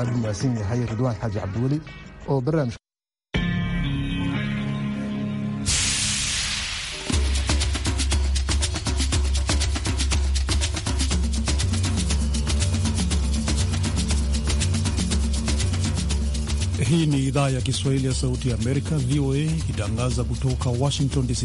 waxaan u mahadsan yahay ridwaan xaaji cabdiweli oo barnaamij Hii ni idhaa ya Kiswahili ya Sauti ya Amerika, VOA, ikitangaza kutoka Washington DC.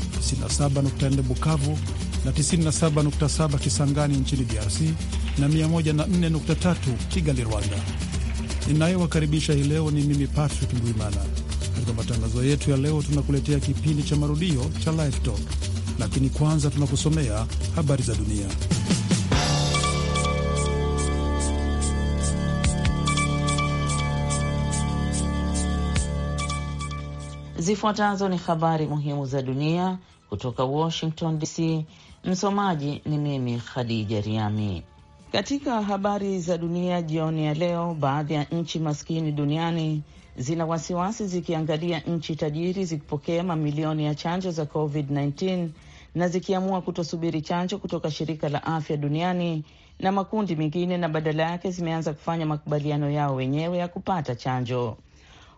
97.4 Bukavu na 97.7 Kisangani nchini DRC na 104.3 Kigali, Rwanda. ninayowakaribisha hii leo ni mimi Patrick Ndwimana. Katika matangazo yetu ya leo, tunakuletea kipindi cha marudio cha Live Talk, lakini kwanza tunakusomea habari za dunia. Zifuatazo ni habari muhimu za dunia kutoka Washington DC, msomaji ni mimi Khadija Riami. Katika habari za dunia jioni ya leo, baadhi ya nchi maskini duniani zina wasiwasi zikiangalia nchi tajiri zikipokea mamilioni ya chanjo za COVID-19 na zikiamua kutosubiri chanjo kutoka shirika la afya duniani na makundi mengine, na badala yake zimeanza kufanya makubaliano yao wenyewe ya kupata chanjo.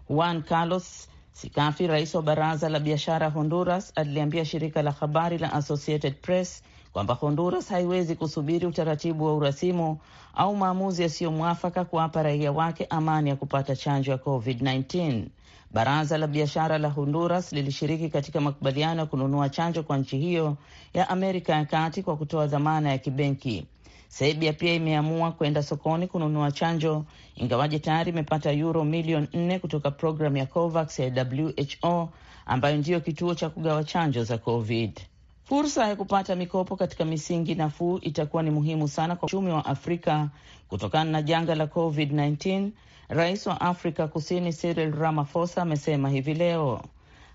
Juan Carlos Sikafi, rais wa baraza la biashara Honduras, aliliambia shirika la habari la Associated Press kwamba Honduras haiwezi kusubiri utaratibu wa urasimu au maamuzi yasiyomwafaka kuwapa raia wake amani ya kupata chanjo ya COVID-19. Baraza la biashara la Honduras lilishiriki katika makubaliano ya kununua chanjo kwa nchi hiyo ya Amerika ya Kati kwa kutoa dhamana ya kibenki. Serbia pia imeamua kwenda sokoni kununua chanjo, ingawaje tayari imepata euro milioni nne kutoka programu ya COVAX ya WHO ambayo ndiyo kituo cha kugawa chanjo za COVID. Fursa ya kupata mikopo katika misingi nafuu itakuwa ni muhimu sana kwa uchumi wa Afrika kutokana na janga la COVID-19, rais wa Afrika Kusini Cyril Ramaphosa amesema hivi leo.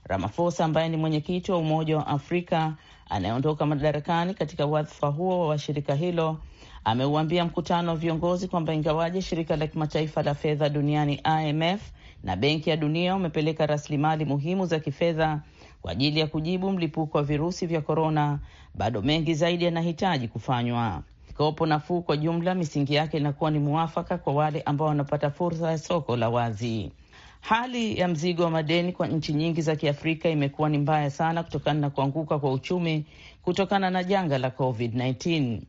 Ramaphosa ambaye ni mwenyekiti wa Umoja wa Afrika anayeondoka madarakani katika wadhifa huo wa shirika hilo ameuambia mkutano wa viongozi kwamba ingawaje shirika la kimataifa la fedha duniani IMF na Benki ya Dunia wamepeleka rasilimali muhimu za kifedha kwa ajili ya kujibu mlipuko wa virusi vya korona, bado mengi zaidi yanahitaji kufanywa. Mikopo nafuu kwa jumla, misingi yake inakuwa ni mwafaka kwa wale ambao wanapata fursa ya soko la wazi. Hali ya mzigo wa madeni kwa nchi nyingi za Kiafrika imekuwa ni mbaya sana kutokana na kuanguka kwa uchumi kutokana na janga la COVID-19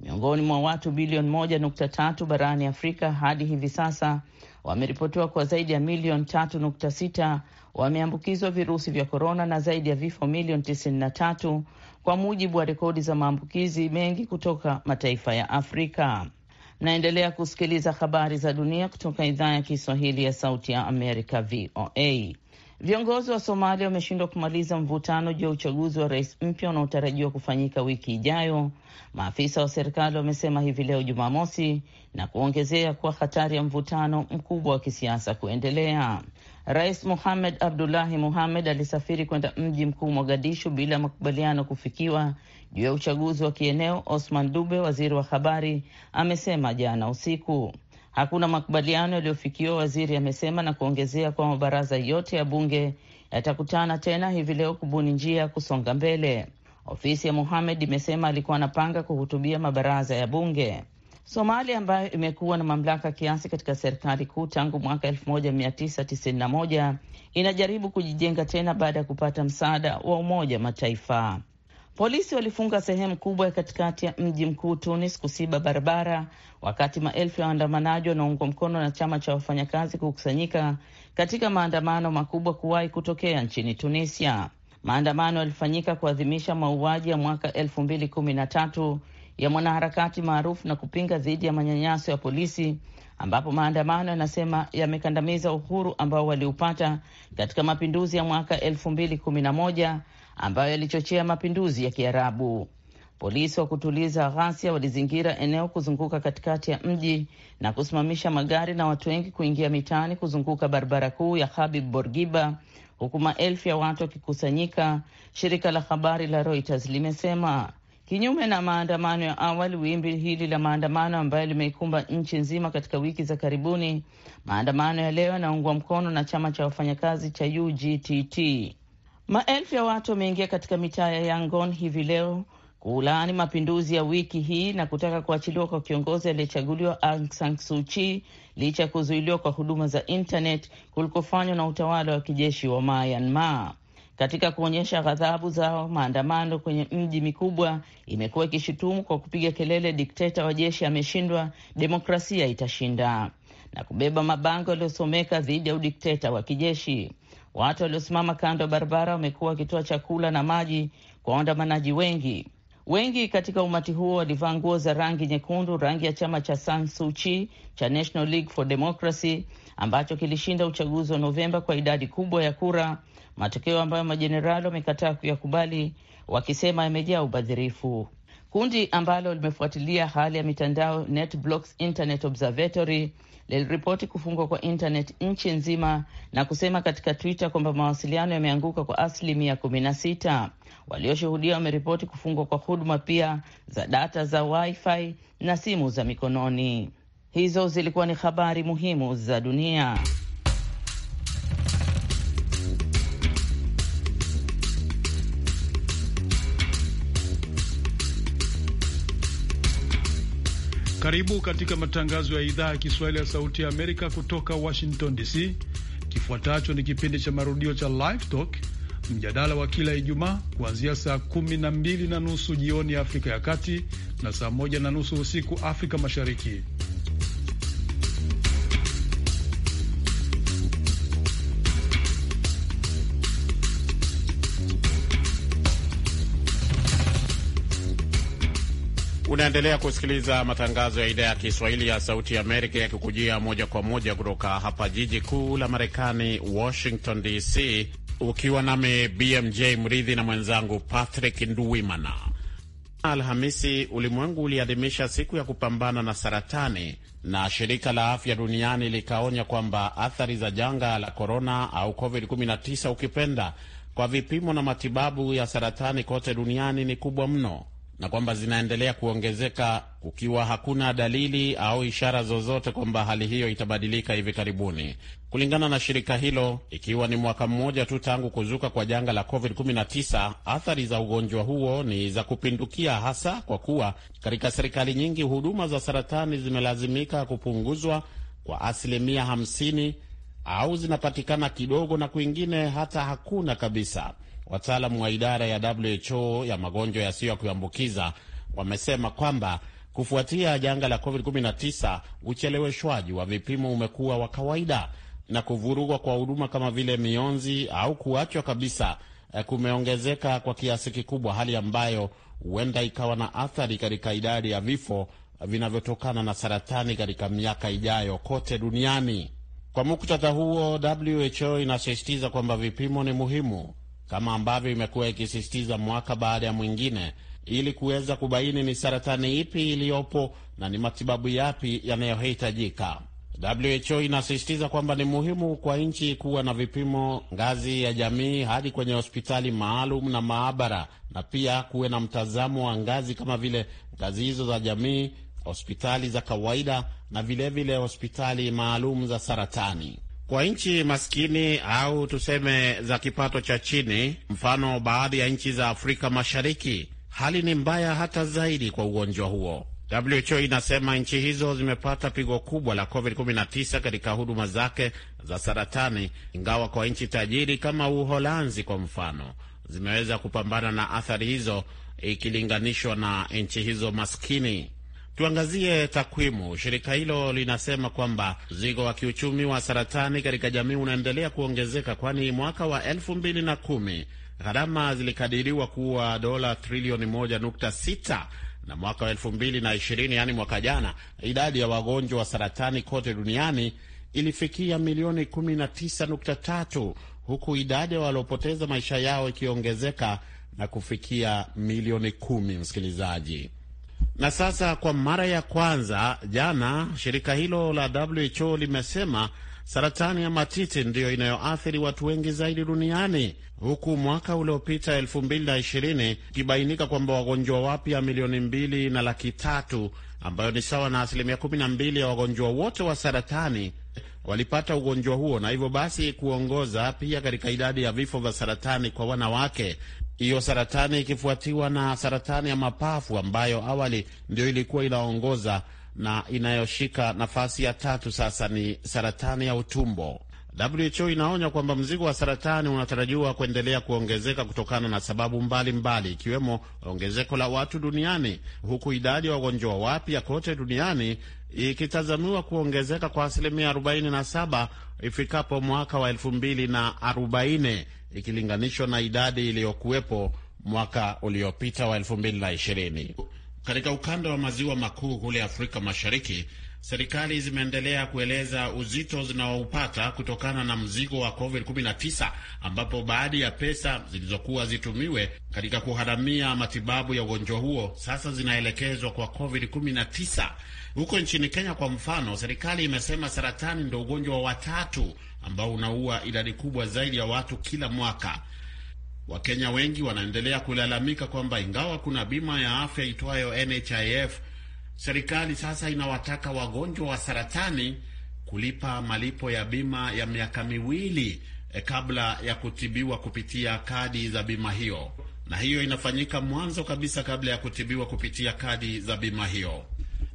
miongoni mwa watu bilioni moja nukta tatu barani Afrika hadi hivi sasa wameripotiwa kwa zaidi ya milioni tatu nukta sita wameambukizwa virusi vya korona na zaidi ya vifo milioni tisini na tatu kwa mujibu wa rekodi za maambukizi mengi kutoka mataifa ya Afrika. Naendelea kusikiliza habari za dunia kutoka idhaa ya Kiswahili ya Sauti ya Amerika, VOA. Viongozi wa Somalia wameshindwa kumaliza mvutano juu ya uchaguzi wa rais mpya unaotarajiwa kufanyika wiki ijayo, maafisa wa serikali wamesema hivi leo Jumamosi, na kuongezea kuwa hatari ya mvutano mkubwa wa kisiasa kuendelea. Rais Mohamed Abdullahi Mohamed alisafiri kwenda mji mkuu Mogadishu bila makubaliano kufikiwa juu ya uchaguzi wa kieneo. Osman Dube, waziri wa habari, amesema jana usiku. Hakuna makubaliano yaliyofikiwa, waziri amesema, na kuongezea kwa mabaraza yote ya bunge yatakutana tena hivi leo kubuni njia ya kusonga mbele. Ofisi ya Muhamed imesema alikuwa anapanga kuhutubia mabaraza ya bunge. Somalia ambayo imekuwa na mamlaka kiasi katika serikali kuu tangu mwaka 1991 inajaribu kujijenga tena baada ya kupata msaada wa Umoja Mataifa. Polisi walifunga sehemu kubwa ya katikati ya mji mkuu Tunis kusiba barabara, wakati maelfu ya waandamanaji wanaungwa mkono na chama cha wafanyakazi kukusanyika katika maandamano makubwa kuwahi kutokea nchini Tunisia. Maandamano yalifanyika kuadhimisha mauaji ya mwaka elfu mbili kumi na tatu ya mwanaharakati maarufu na kupinga dhidi ya manyanyaso ya polisi, ambapo maandamano yanasema yamekandamiza uhuru ambao waliupata katika mapinduzi ya mwaka elfu mbili kumi na moja ambayo yalichochea mapinduzi ya Kiarabu. Polisi wa kutuliza ghasia walizingira eneo kuzunguka katikati ya mji na kusimamisha magari na watu wengi kuingia mitaani kuzunguka barabara kuu ya Habib Bourguiba, huku maelfu ya watu wakikusanyika, shirika la habari la Reuters limesema. Kinyume na maandamano ya awali, wimbi hili la maandamano ambayo limeikumba nchi nzima katika wiki za karibuni, maandamano ya leo yanaungwa mkono na chama cha wafanyakazi cha UGTT. Maelfu ya watu wameingia katika mitaa ya Yangon hivi leo kulaani mapinduzi ya wiki hii na kutaka kuachiliwa kwa kiongozi aliyechaguliwa Aung San Suu Kyi licha ya kuzuiliwa kwa huduma za intanet kulikofanywa na utawala wa kijeshi wa Myanmar. Katika kuonyesha ghadhabu zao, maandamano kwenye mji mikubwa imekuwa ikishutumu kwa kupiga kelele, dikteta wa jeshi ameshindwa, demokrasia itashinda, na kubeba mabango yaliyosomeka dhidi ya udikteta wa kijeshi. Watu waliosimama kando ya barabara wamekuwa wakitoa chakula na maji kwa waandamanaji wengi. Wengi katika umati huo walivaa nguo za rangi nyekundu, rangi ya chama cha San Suu Kyi cha National League for Democracy ambacho kilishinda uchaguzi wa Novemba kwa idadi kubwa ya kura, matokeo ambayo majenerali wamekataa kuyakubali wakisema yamejaa ubadhirifu. Kundi ambalo limefuatilia hali ya mitandao NetBlocks Internet Observatory liliripoti kufungwa kwa intanet nchi nzima na kusema katika Twitter kwamba mawasiliano yameanguka kwa asilimia kumi na sita. Walioshuhudia wameripoti kufungwa kwa huduma pia za data za wifi na simu za mikononi. Hizo zilikuwa ni habari muhimu za dunia. Karibu katika matangazo ya idhaa ya Kiswahili ya Sauti ya Amerika kutoka Washington DC. Kifuatacho ni kipindi cha marudio cha Live Talk, mjadala wa kila Ijumaa kuanzia saa kumi na mbili na nusu jioni Afrika ya Kati na saa moja na nusu usiku Afrika Mashariki. Unaendelea kusikiliza matangazo ya idhaa ya Kiswahili ya Sauti ya Amerika yakikujia moja kwa moja kutoka hapa jiji kuu la Marekani, Washington DC, ukiwa nami BMJ Mridhi na mwenzangu Patrick Nduwimana. Alhamisi ulimwengu uliadhimisha siku ya kupambana na saratani, na shirika la afya duniani likaonya kwamba athari za janga la korona au COVID-19 ukipenda, kwa vipimo na matibabu ya saratani kote duniani ni kubwa mno na kwamba zinaendelea kuongezeka kukiwa hakuna dalili au ishara zozote kwamba hali hiyo itabadilika hivi karibuni. Kulingana na shirika hilo, ikiwa ni mwaka mmoja tu tangu kuzuka kwa janga la COVID-19, athari za ugonjwa huo ni za kupindukia, hasa kwa kuwa katika serikali nyingi huduma za saratani zimelazimika kupunguzwa kwa asilimia 50 au zinapatikana kidogo na kwingine hata hakuna kabisa. Wataalamu wa idara ya WHO ya magonjwa yasiyo ya kuambukiza wamesema kwamba kufuatia janga la COVID-19, ucheleweshwaji wa vipimo umekuwa wa kawaida na kuvurugwa kwa huduma kama vile mionzi au kuachwa kabisa eh, kumeongezeka kwa kiasi kikubwa, hali ambayo huenda ikawa na athari katika idadi ya vifo vinavyotokana na saratani katika miaka ijayo kote duniani. Kwa muktadha huo, WHO inasisitiza kwamba vipimo ni muhimu kama ambavyo imekuwa ikisisitiza mwaka baada ya mwingine ili kuweza kubaini ni saratani ipi iliyopo na ni matibabu yapi yanayohitajika. WHO inasisitiza kwamba ni muhimu kwa nchi kuwa na vipimo ngazi ya jamii hadi kwenye hospitali maalum na maabara, na pia kuwe na mtazamo wa ngazi kama vile ngazi hizo za jamii, hospitali za kawaida na vilevile vile hospitali maalum za saratani. Kwa nchi maskini au tuseme za kipato cha chini, mfano baadhi ya nchi za Afrika Mashariki, hali ni mbaya hata zaidi kwa ugonjwa huo. WHO inasema nchi hizo zimepata pigo kubwa la COVID-19 katika huduma zake za saratani, ingawa kwa nchi tajiri kama Uholanzi kwa mfano zimeweza kupambana na athari hizo ikilinganishwa na nchi hizo maskini. Tuangazie takwimu. Shirika hilo linasema kwamba mzigo wa kiuchumi wa saratani katika jamii unaendelea kuongezeka, kwani mwaka wa elfu mbili na kumi gharama zilikadiriwa kuwa dola trilioni moja nukta sita na mwaka wa elfu mbili na ishirini yaani mwaka jana, idadi ya wagonjwa wa saratani kote duniani ilifikia milioni 19.3 huku idadi ya waliopoteza maisha yao ikiongezeka na kufikia milioni kumi. Msikilizaji, na sasa kwa mara ya kwanza jana, shirika hilo la WHO limesema saratani ya matiti ndiyo inayoathiri watu wengi zaidi duniani, huku mwaka uliopita 2020 ikibainika kwamba wagonjwa wapya milioni mbili na laki tatu ambayo ni sawa na asilimia 12 ya wagonjwa wote wa saratani walipata ugonjwa huo, na hivyo basi kuongoza pia katika idadi ya vifo vya saratani kwa wanawake hiyo saratani ikifuatiwa na saratani ya mapafu ambayo awali ndio ilikuwa inaongoza na inayoshika nafasi ya tatu sasa ni saratani ya utumbo. WHO inaonya kwamba mzigo wa saratani unatarajiwa kuendelea kuongezeka kutokana na sababu mbalimbali ikiwemo mbali, ongezeko la watu duniani huku idadi ya wagonjwa wapya kote duniani ikitazamiwa kuongezeka kwa asilimia 47 ifikapo mwaka wa 2040 ikilinganishwa na idadi iliyokuwepo mwaka uliopita wa 2020. Katika ukanda wa maziwa makuu kule Afrika Mashariki, serikali zimeendelea kueleza uzito zinaoupata kutokana na mzigo wa COVID-19, ambapo baadhi ya pesa zilizokuwa zitumiwe katika kuharamia matibabu ya ugonjwa huo sasa zinaelekezwa kwa COVID-19 huko nchini Kenya kwa mfano, serikali imesema saratani ndio ugonjwa wa tatu ambao unaua idadi kubwa zaidi ya watu kila mwaka. Wakenya wengi wanaendelea kulalamika kwamba ingawa kuna bima ya afya itwayo NHIF, serikali sasa inawataka wagonjwa wa saratani kulipa malipo ya bima ya miaka miwili e, kabla ya kutibiwa kupitia kadi za bima hiyo, na hiyo inafanyika mwanzo kabisa kabla ya kutibiwa kupitia kadi za bima hiyo.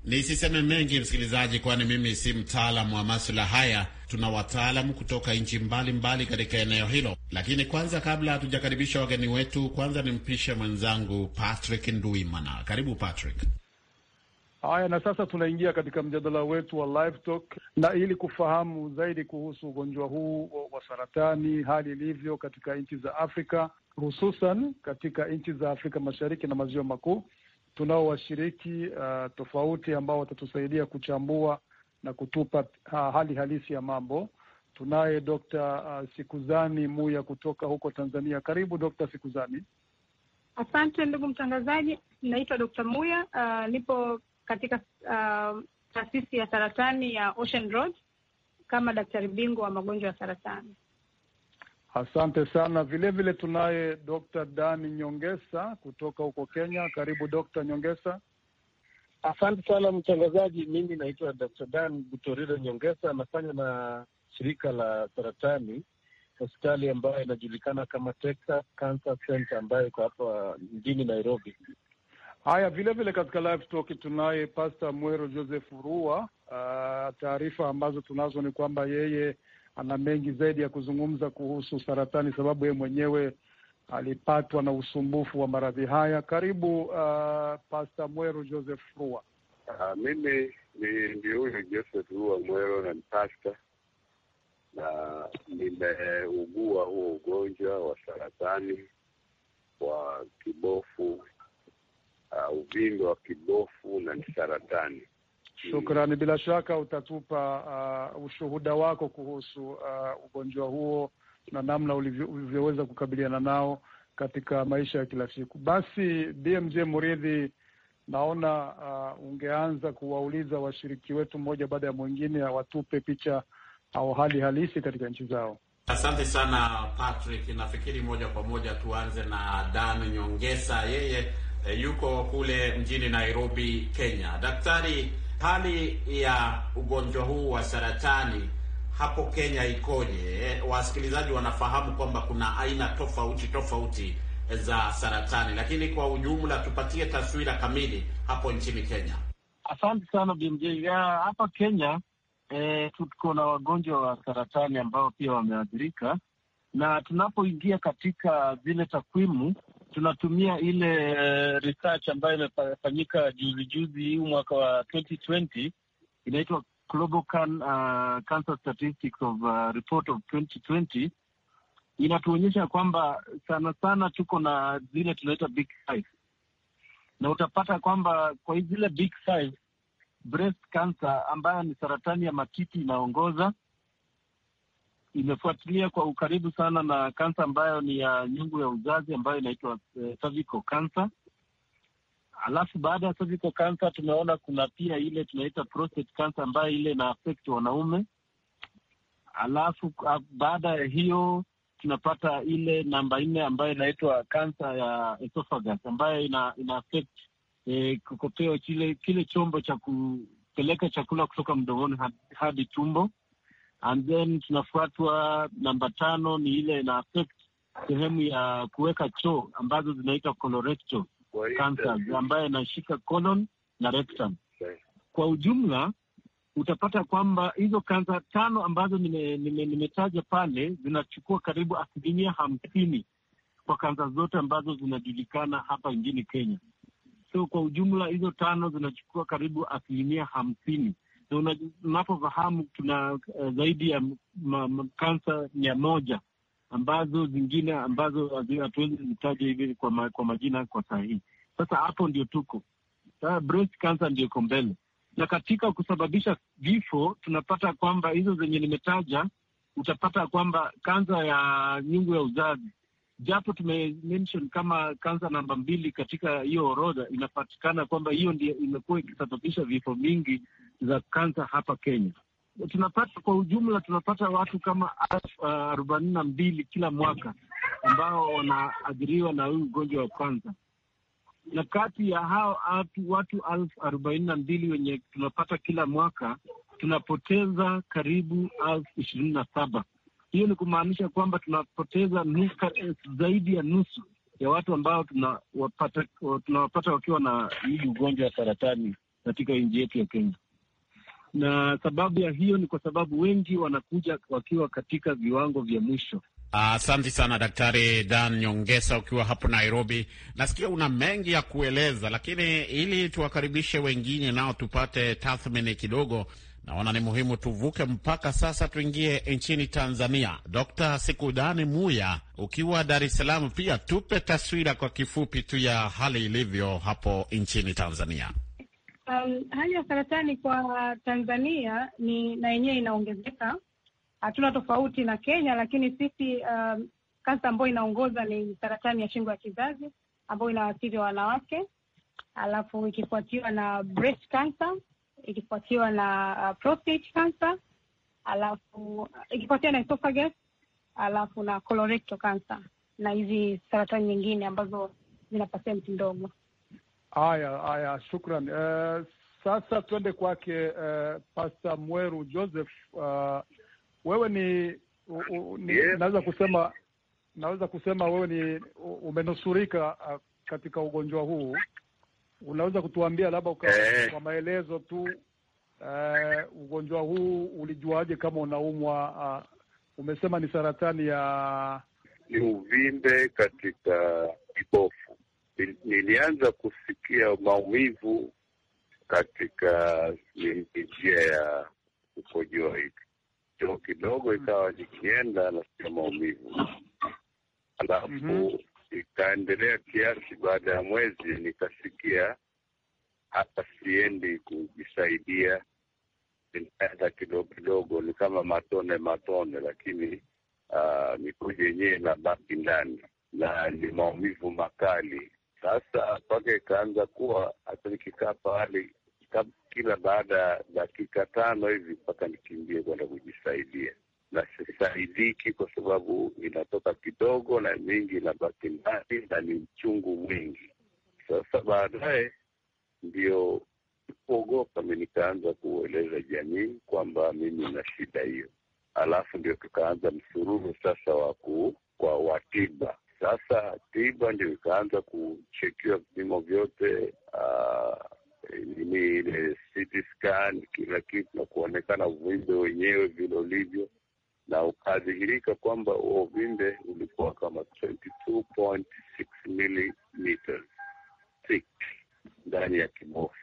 Nisiseme mengi msikilizaji, kwani mimi si mtaalamu wa maswala haya. Tuna wataalamu kutoka nchi mbalimbali katika eneo hilo, lakini kwanza, kabla hatujakaribisha wageni wetu, kwanza nimpishe mwenzangu Patrick Nduimana. Karibu Patrick. Haya, na sasa tunaingia katika mjadala wetu wa live talk, na ili kufahamu zaidi kuhusu ugonjwa huu wa saratani, hali ilivyo katika nchi za Afrika, hususan katika nchi za Afrika Mashariki na maziwa makuu tunao washiriki uh, tofauti ambao watatusaidia kuchambua na kutupa uh, hali halisi ya mambo. Tunaye Dokta uh, Sikuzani Muya kutoka huko Tanzania. Karibu Dokta Sikuzani. Asante ndugu mtangazaji, naitwa Dokta Muya. Uh, nipo katika uh, taasisi ya saratani ya Ocean Road kama daktari bingwa wa magonjwa ya saratani. Asante sana. Vilevile vile tunaye Dr. Dani Nyongesa kutoka huko Kenya. Karibu Dr. Nyongesa. Asante sana mtangazaji. Mimi naitwa Dr. Dan Butorire Nyongesa, anafanya na shirika la saratani hospitali ambayo inajulikana kama Texas Cancer Center ambayo iko hapa mjini Nairobi. Haya, vilevile katika live talk tunaye Pasta Mwero Joseph Rua. Uh, taarifa ambazo tunazo ni kwamba yeye ana mengi zaidi ya kuzungumza kuhusu saratani, sababu yeye mwenyewe alipatwa na usumbufu wa maradhi haya. Karibu uh, Pasta Mwero Joseph Rua. Uh, mimi ni ndio huyo Joseph Rua Mwero na mpasta na nimeugua huo ugonjwa wa saratani wa kibofu, uh, uvimbe wa kibofu na ni saratani Shukrani. Bila shaka utatupa uh, ushuhuda wako kuhusu uh, ugonjwa huo na namna ulivyoweza kukabiliana nao katika maisha ya kila siku. Basi BMJ Muridhi, naona uh, ungeanza kuwauliza washiriki wetu mmoja baada ya mwingine awatupe picha au hali halisi katika nchi zao. Asante sana Patrick. Nafikiri moja kwa moja tuanze na Dan Nyongesa, yeye eh, yuko kule mjini Nairobi, Kenya. Daktari hali ya ugonjwa huu wa saratani hapo Kenya ikoje? Wasikilizaji wanafahamu kwamba kuna aina tofauti tofauti za saratani, lakini kwa ujumla tupatie taswira kamili hapo nchini Kenya. Asante sana BMJ. Hapa Kenya e, tuko na wagonjwa wa saratani ambao pia wameathirika, na tunapoingia katika zile takwimu tunatumia ile eh, research ambayo imefanyika juzi juzi huu mwaka wa 2020 inaitwa Global Can, uh, Cancer Statistics of uh, Report of 2020 inatuonyesha kwamba sana sana tuko na zile tunaita big five, na utapata kwamba kwa zile big five, breast cancer ambayo ni saratani ya matiti inaongoza, imefuatilia kwa ukaribu sana na kansa ambayo ni ya nyungu ya uzazi ambayo inaitwa eh, cervical cancer. Alafu baada ya cervical cancer tumeona kuna pia ile tunaita prostate cancer ambayo ile ina affect wanaume. Alafu ah, baada ya hiyo tunapata ile namba nne ambayo inaitwa kansa ya esophagus ambayo ina, ina affect eh, kile, kile chombo cha kupeleka chakula kutoka mdomoni hadi tumbo and then tunafuatwa namba tano ni ile ina affect sehemu ya kuweka choo ambazo zinaitwa colorectal ambayo inashika colon na rectum. Kwa ujumla utapata kwamba hizo kansa tano ambazo nimetaja nime, nime pale zinachukua karibu asilimia hamsini kwa kansa zote ambazo zinajulikana hapa nchini Kenya. So kwa ujumla hizo tano zinachukua karibu asilimia hamsini na unapofahamu tuna uh, eh, zaidi ya kansa mia moja ambazo zingine ambazo hatuwezi zitaja hivi kwa, ma, kwa majina kwa sahihi. Sasa hapo ndio tuko sasa, breast cancer ndio iko mbele, na katika kusababisha vifo tunapata kwamba hizo zenye nimetaja, utapata kwamba kansa ya nyungu ya uzazi, japo tume kama kansa namba mbili katika hiyo orodha, inapatikana kwamba hiyo ndio imekuwa ikisababisha vifo vingi za kansa hapa Kenya. Tunapata kwa ujumla, tunapata watu kama elfu uh, arobaini na mbili kila mwaka ambao wanaathiriwa na huu ugonjwa wa kansa, na kati ya hao watu elfu arobaini na mbili wenye tunapata kila mwaka tunapoteza karibu elfu ishirini na saba. Hiyo ni kumaanisha kwamba tunapoteza nuka, zaidi ya nusu ya watu ambao tunawapata, tunawapata wakiwa na hii ugonjwa wa saratani katika nchi yetu ya Kenya na sababu ya hiyo ni kwa sababu wengi wanakuja wakiwa katika viwango vya mwisho. Asante uh, sana Daktari Dan Nyongesa, ukiwa hapo Nairobi. Nasikia una mengi ya kueleza, lakini ili tuwakaribishe wengine nao tupate tathmini kidogo, naona ni muhimu tuvuke mpaka sasa tuingie nchini Tanzania. Dkt. Sikudani Muya, ukiwa Dar es Salaam, pia tupe taswira kwa kifupi tu ya hali ilivyo hapo nchini Tanzania. Um, hali ya saratani kwa Tanzania ni na yenyewe inaongezeka. Hatuna tofauti na Kenya, lakini sisi um, kansa ambayo inaongoza ni saratani ya shingo ya kizazi ambayo inawaathiri wanawake, alafu ikifuatiwa na breast cancer, ikifuatiwa na uh, prostate cancer, alafu ikifuatiwa na esophagus, alafu na colorectal cancer na hizi saratani nyingine ambazo zina pasenti ndogo. Haya, haya, shukran. Uh, sasa tuende kwake uh, eh, Pasta Mweru Joseph. Uh, wewe ni, u, u, ni yes. Naweza kusema naweza kusema wewe ni umenusurika uh, katika ugonjwa huu. Unaweza kutuambia labda kwa eh, maelezo tu uh, ugonjwa huu ulijuaje kama unaumwa? Uh, umesema ni saratani ya ni uvimbe katika kibofu nilianza kusikia maumivu katika njia ya ukojoa hivi choo kidogo, mm-hmm. ikawa nikienda nasikia maumivu, alafu mm -hmm. ikaendelea kiasi. Baada ya mwezi nikasikia hata siendi kujisaidia, inaenda kidogo kidogo, ni kama matone matone, lakini uh, ah, mikojo yenyewe inabaki ndani na ni maumivu makali sasa mpaka ikaanza kuwa hata nikikaa pahali kila baada ya dakika tano hivi mpaka nikimbie kwenda kujisaidia, na sisaidiki kwa sababu inatoka kidogo na mingi inabaki ndani na ni mchungu mwingi. Sasa baadaye ndio kuogopa mi nikaanza kueleza jamii kwamba mimi na shida hiyo, alafu ndio tukaanza msururu sasa wa kwa watiba sasa tiba ndio ikaanza kuchekiwa vipimo vyote, ah, nini ile CT scan kila kitu, na kuonekana uvimbe wenyewe vile ulivyo, na ukadhihirika kwamba huo uvimbe ulikuwa kama 22.6 millimeters thick ndani ya kimofu.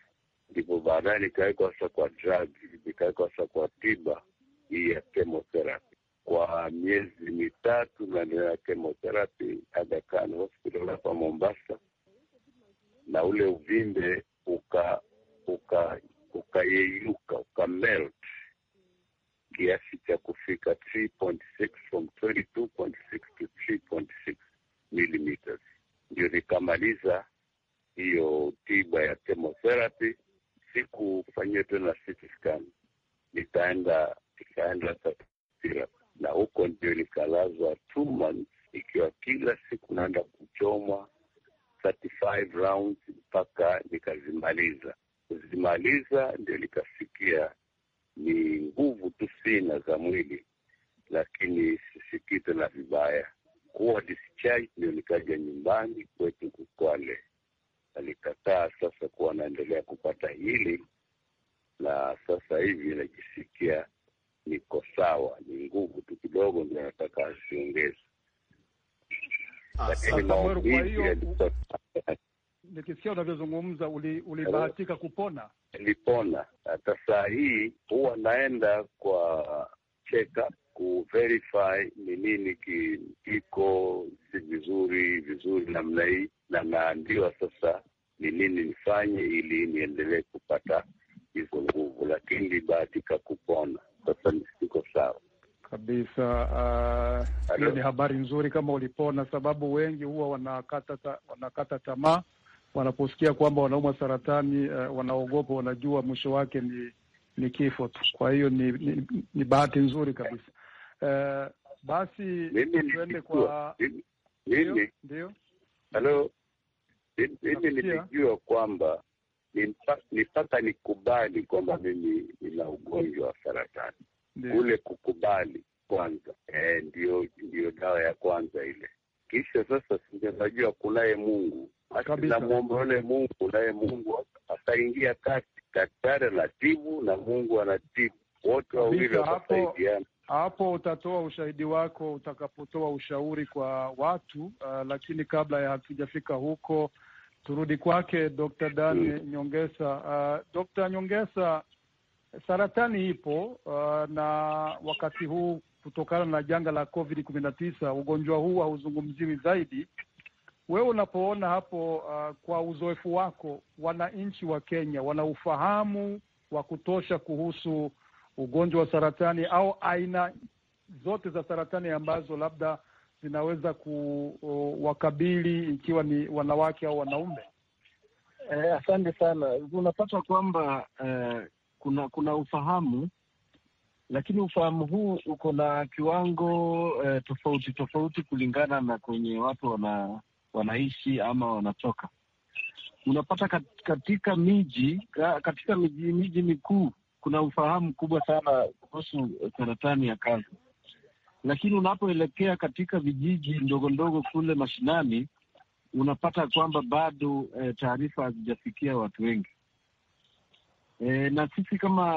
Ndipo baadaye nikawekwa sasa kwa drug, nikawekwa sasa kwa tiba hii ya chemotherapy kwa miezi mitatu naendelea chemotherapy Aga Khan Hospital hapa Mombasa, na ule uvimbe uka ukayeyuka uka kiasi cha kufika 3.6 from 22.6 to 3.6 millimeters. Ndio nikamaliza hiyo tiba ya chemotherapy, sikufanyia tena CT scan, nikaenda nikaenda na huko ndio nikalazwa two months, ikiwa kila siku naenda kuchomwa 35 rounds mpaka nikazimaliza. Kuzimaliza ndio nikasikia ni nguvu tu sina za mwili, lakini sisikii tena vibaya. Kuwa discharge ndio nikaja nyumbani kwetu Kukwale. Alikataa sasa kuwa naendelea kupata hili, na sasa hivi najisikia niko sawa, ni nguvu tu kidogo ndio nataka asiongeze, lakini nikisikia unavyozungumza, ulibahatika uli kupona? Nilipona. Hata saa hii huwa naenda kwa cheka kuverify ni nini kiko si vizuri vizuri namna hii, na naambiwa sasa ni nini nifanye ili niendelee kupata hizo nguvu, lakini nilibahatika kupona sasa niko sawa kabisa. Uh, ni habari nzuri kama ulipona, sababu wengi huwa wanakata ta, wanakata tamaa wanaposikia kwamba wanaumwa saratani uh, wanaogopa, wanajua mwisho wake ni ni kifo tu. Kwa hiyo ni, ni, ni bahati nzuri kabisa. Uh, basi tuende kwa ndio halo, mimi nilijua kwamba ni mpaka nikubali kwamba mimi nina ugonjwa wa saratani yeah. Kule kukubali kwanza e, eh, ndiyo, ndiyo dawa ya kwanza ile. Kisha sasa sinajua kunaye Mungu, namwomba ule Mungu, naye Mungu ataingia kati. Daktari anatibu na Mungu anatibu, wote wawili watasaidiana. Hapo utatoa ushahidi wako utakapotoa ushauri kwa watu uh, lakini kabla ya hatujafika huko Turudi kwake Dr. Dan mm. Nyongesa. Uh, Dr. Nyongesa, saratani ipo uh, na wakati huu kutokana na janga la COVID kumi na tisa ugonjwa huu hauzungumziwi zaidi. Wewe unapoona hapo, uh, kwa uzoefu wako, wananchi wa Kenya wana ufahamu wa kutosha kuhusu ugonjwa wa saratani au aina zote za saratani ambazo labda zinaweza kuwakabili ikiwa ni wanawake au wanaume? Eh, asante sana. Unapata kwamba eh, kuna kuna ufahamu lakini ufahamu huu uko na kiwango eh, tofauti tofauti kulingana na kwenye watu wana, wanaishi ama wanatoka. Unapata katika miji katika miji miji mikuu kuna ufahamu kubwa sana kuhusu saratani ya kazi lakini unapoelekea katika vijiji ndogo ndogo kule mashinani, unapata kwamba bado e, taarifa hazijafikia watu wengi. E, na sisi kama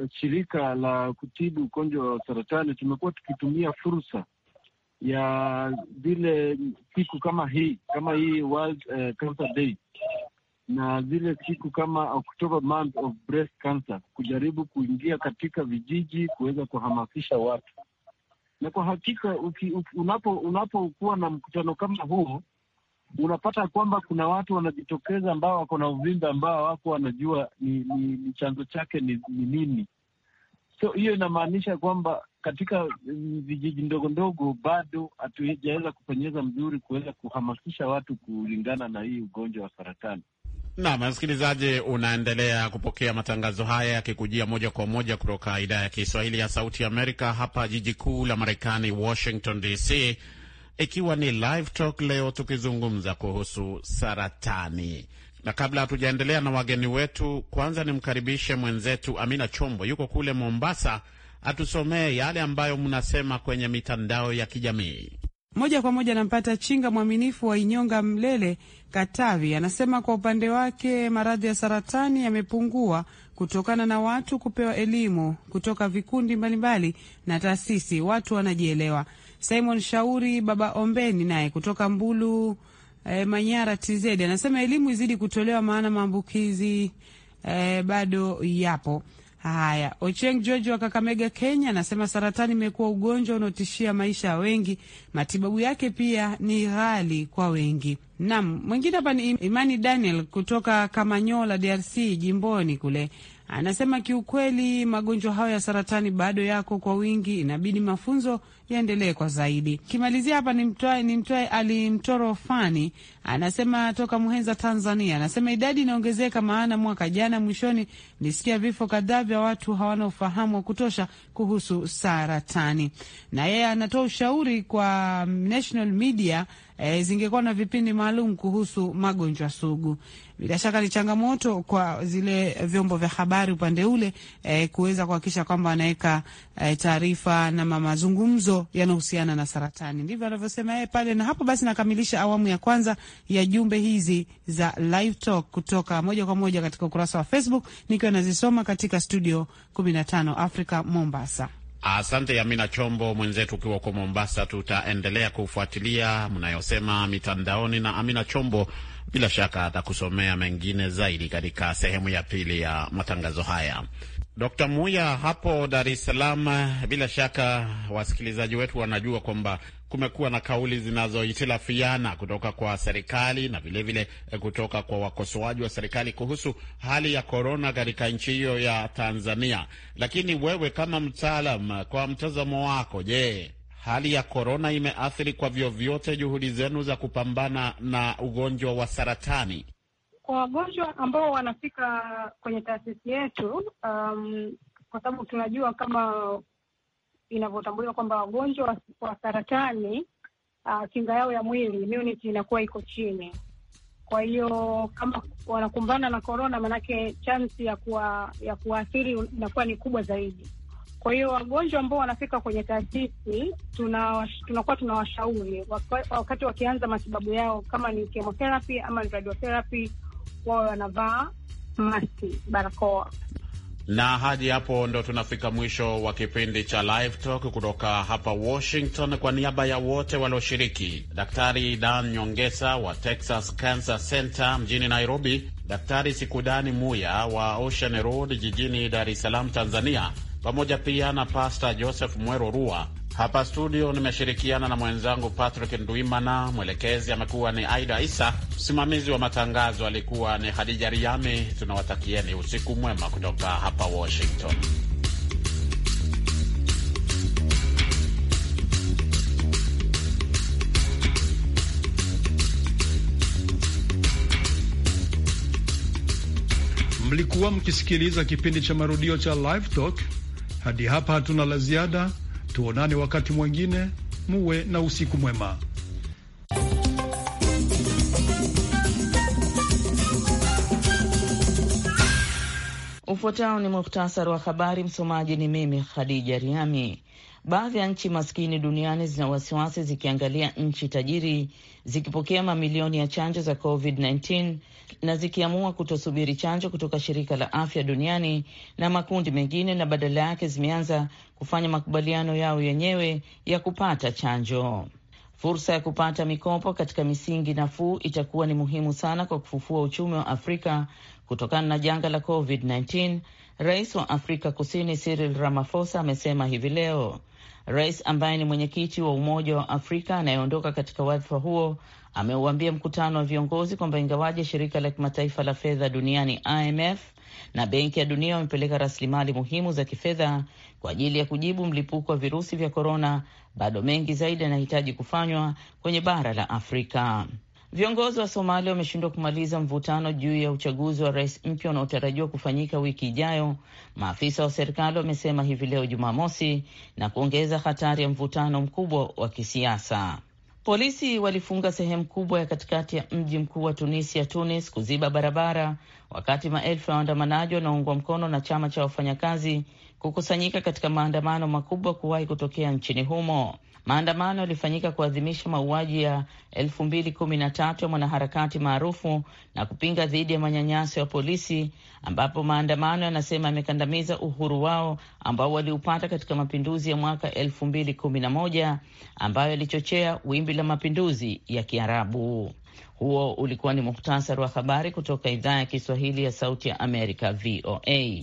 eh, shirika la kutibu ugonjwa wa saratani tumekuwa tukitumia fursa ya zile siku kama hii kama hii World Cancer Day na zile siku kama October month of breast cancer, kujaribu kuingia katika vijiji kuweza kuhamasisha watu na kwa hakika unapokuwa unapo na mkutano kama huo unapata kwamba kuna watu wanajitokeza ambao wako na uvimbe ambao wako wanajua ni, ni, ni chanzo chake ni, ni nini. So hiyo inamaanisha kwamba katika mm, vijiji ndogo ndogo bado hatujaweza kupenyeza mzuri kuweza kuhamasisha watu kulingana na hii ugonjwa wa saratani. Nam msikilizaji, unaendelea kupokea matangazo haya yakikujia moja kwa moja kutoka idhaa ya Kiswahili ya Sauti ya Amerika, hapa jiji kuu la Marekani, Washington DC, ikiwa ni Live Talk leo tukizungumza kuhusu saratani. Na kabla hatujaendelea na wageni wetu, kwanza nimkaribishe mwenzetu Amina Chombo, yuko kule Mombasa, atusomee yale ambayo mnasema kwenye mitandao ya kijamii. Moja kwa moja anampata Chinga Mwaminifu wa Inyonga, Mlele, Katavi. Anasema kwa upande wake maradhi ya saratani yamepungua kutokana na watu kupewa elimu kutoka vikundi mbalimbali na taasisi, watu wanajielewa. Simon Shauri Baba Ombeni naye kutoka Mbulu, eh, Manyara, TZ anasema elimu izidi kutolewa, maana maambukizi eh, bado yapo. Haya, Ocheng Jojo wa Kakamega, Kenya anasema saratani imekuwa ugonjwa unaotishia maisha ya wengi, matibabu yake pia ni ghali kwa wengi. Nam mwingine hapa ni Imani Daniel kutoka Kamanyola, DRC, jimboni kule Anasema kiukweli magonjwa hayo ya saratani bado yako kwa wingi, inabidi mafunzo yaendelee kwa zaidi. Kimalizia hapa ni nimtwae Ali Mtoro Fani anasema toka Muhenza, Tanzania, anasema idadi inaongezeka, maana mwaka jana mwishoni nisikia vifo kadhaa vya watu hawana ufahamu wa kutosha kuhusu saratani, na yeye anatoa ushauri kwa national media e, zingekuwa na vipindi maalum kuhusu magonjwa sugu. Bila shaka ni changamoto kwa zile vyombo vya habari upande ule e, kuweza kuhakikisha kwamba wanaweka e, taarifa na mazungumzo yanahusiana na saratani. Ndivyo anavyosema yeye pale, na hapo basi nakamilisha awamu ya kwanza ya jumbe hizi za live talk kutoka moja kwa moja katika ukurasa wa Facebook nikiwa nazisoma katika studio 15 Africa Mombasa. Asante Amina Chombo mwenzetu ukiwa huko Mombasa. Tutaendelea kufuatilia mnayosema mitandaoni, na Amina Chombo bila shaka atakusomea mengine zaidi katika sehemu ya pili ya matangazo haya. d Muya hapo Dar es Salaam, bila shaka wasikilizaji wetu wanajua kwamba kumekuwa na kauli zinazohitilafiana kutoka kwa serikali na vilevile vile eh, kutoka kwa wakosoaji wa serikali kuhusu hali ya korona katika nchi hiyo ya Tanzania. Lakini wewe kama mtaalam, eh, kwa mtazamo wako, je, hali ya korona imeathiri kwa vyovyote juhudi zenu za kupambana na ugonjwa wa saratani? Kwa wagonjwa ambao wanafika kwenye taasisi yetu, um, kwa sababu tunajua kama inavyotambuliwa kwamba wagonjwa wa saratani uh, kinga yao ya mwili immunity inakuwa iko chini. Kwa hiyo kama wanakumbana na korona, maanake chansi ya kuwa, ya kuathiri inakuwa ni kubwa zaidi. Kwa hiyo wagonjwa ambao wanafika kwenye taasisi tunakuwa tuna tunawashauri wakati wakianza matibabu yao, kama ni chemotherapy ama ni radiotherapy, wawe wanavaa maski, barakoa na hadi hapo ndo tunafika mwisho wa kipindi cha Live Talk kutoka hapa Washington. Kwa niaba ya wote walioshiriki, Daktari Dan Nyongesa wa Texas Cancer Center mjini Nairobi, Daktari Sikudani Muya wa Ocean Road jijini Dar es Salaam, Tanzania, pamoja pia na Pastor Joseph Mwero Rua hapa studio nimeshirikiana na mwenzangu Patrick Ndwimana, mwelekezi amekuwa ni Aida Isa, msimamizi wa matangazo alikuwa ni Hadija Riami. Tunawatakieni usiku mwema kutoka hapa Washington. Mlikuwa mkisikiliza kipindi cha marudio cha Live Talk. Hadi hapa hatuna la ziada. Tuonane wakati mwingine, muwe na usiku mwema. Ufuatao ni muhtasari wa habari. Msomaji ni mimi Khadija Riami. Baadhi ya nchi maskini duniani zina wasiwasi zikiangalia nchi tajiri zikipokea mamilioni ya chanjo za COVID-19 na zikiamua kutosubiri chanjo kutoka shirika la afya duniani na makundi mengine, na badala yake zimeanza kufanya makubaliano yao yenyewe ya kupata chanjo. Fursa ya kupata mikopo katika misingi nafuu itakuwa ni muhimu sana kwa kufufua uchumi wa Afrika kutokana na janga la COVID-19, Rais wa Afrika Kusini Cyril Ramaphosa amesema hivi leo. Rais ambaye ni mwenyekiti wa Umoja wa Afrika anayeondoka katika wadhifa huo ameuambia mkutano wa viongozi kwamba ingawaje shirika la kimataifa la fedha duniani IMF na Benki ya Dunia wamepeleka rasilimali muhimu za kifedha kwa ajili ya kujibu mlipuko wa virusi vya korona, bado mengi zaidi yanahitaji kufanywa kwenye bara la Afrika. Viongozi wa Somalia wameshindwa kumaliza mvutano juu ya uchaguzi wa rais mpya unaotarajiwa kufanyika wiki ijayo, maafisa wa serikali wamesema hivi leo Jumamosi, na kuongeza hatari ya mvutano mkubwa wa kisiasa. Polisi walifunga sehemu kubwa ya katikati ya mji mkuu wa Tunisia, Tunis, kuziba barabara, wakati maelfu ya waandamanaji wanaoungwa mkono na chama cha wafanyakazi kukusanyika katika maandamano makubwa kuwahi kutokea nchini humo. Maandamano yalifanyika kuadhimisha mauaji ya elfu mbili kumi na tatu ya mwanaharakati maarufu na kupinga dhidi ya manyanyaso ya polisi, ambapo maandamano yanasema yamekandamiza uhuru wao ambao waliupata katika mapinduzi ya mwaka elfu mbili kumi na moja ambayo yalichochea wimbi la mapinduzi ya Kiarabu. Huo ulikuwa ni muhtasari wa habari kutoka idhaa ya Kiswahili ya Sauti ya Amerika, VOA.